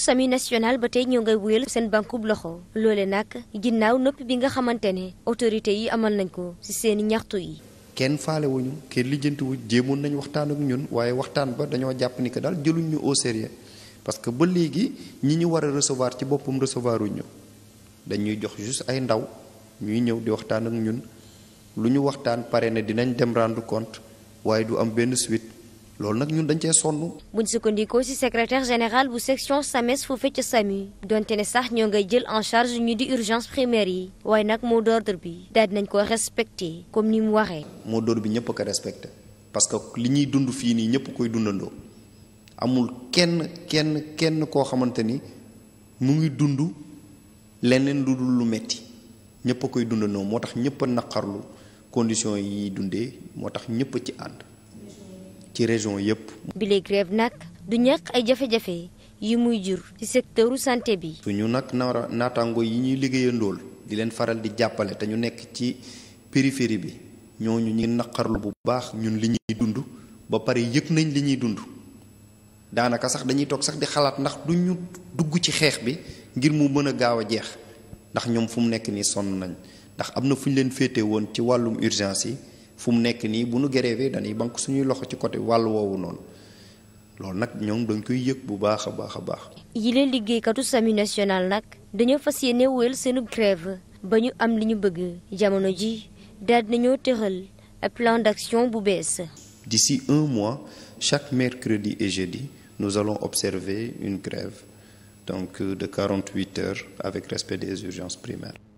sami national ba tey ñoo ngay wuyal seen bankub loxo loole nag ginnaaw noppi bi nga xamante ne autorité yi amal nañ ko ci seen ñaxtu yi kenn faale wuñu kenn lijjanti wuñ jéemoon nañ waxtaan ak ñun waaye waxtaan ba dañoo jàpp ni que daal jëluñ ñu au sérieux parce que ba léegi ñi ñu war a recevoir ci boppam recevoir wuñu dañuy jox juste ay ndaw ñuy ñëw di waxtaan ak ñun lu ñu waxtaan pare ne dinañ dem rendre compte waaye du am benn suite loolu nag ñun dañu cee sonn. buñ sukkandikoo ci secrétaire général bu section SAMES foofe ca SAMU donte ne sax ñoo ngay jël en charge ñu di urgence primaire yi waaye nag mot d'ordre bi daal nañ ko respecté comme ni mu waxee. moo d'ordre bi ñëpp ko respecté parce que li ñuy dund fii nii ñëpp koy dundandoo amul kenn kenn kenn koo xamante ni mu ngi dund leneen lu dul lu metti ñëpp a koy dundandoo moo tax ñëpp a naqarlu condition yi dundee moo tax ñëpp ci ànd. ci région yépp. bile grève nag du ñàkk ay jafe-jafe yi muy jur ci secteuru santé bi. ñu nag naataango yi ñuy liggéeyandool di leen faral di jàppale te ñu nekk ci périphérie bi ñooñu ñu ngi naqarlu bu baax ñun li ñuy dund ba pare yëg nañ li ñuy dund daanaka sax dañuy toog sax di xalaat ndax du ñu dugg ci xeex bi ngir mu mën a gaaw a jeex ndax ñoom fu mu nekk nii sonn nañ ndax am na fu ñu leen féete woon ci wàllum urgence yi. fu mu nekk nii bu nu grévé dañuy banque suñuy loxo ci côté wàll woowu noonu loolu nag ñoom dañ koy yëg bu baax a baax a baax. yile liggéeykatu SAMU national nag dañoo fas yéene wéyal seenu grève ba ñu am li ñu bëgg jamono ji daal nañoo tëral plan d'action bu bees. d'ici un mois chaque mercredi et jeudi nous allons observer une grève donc de 48 heures avec respect des urgences primaires.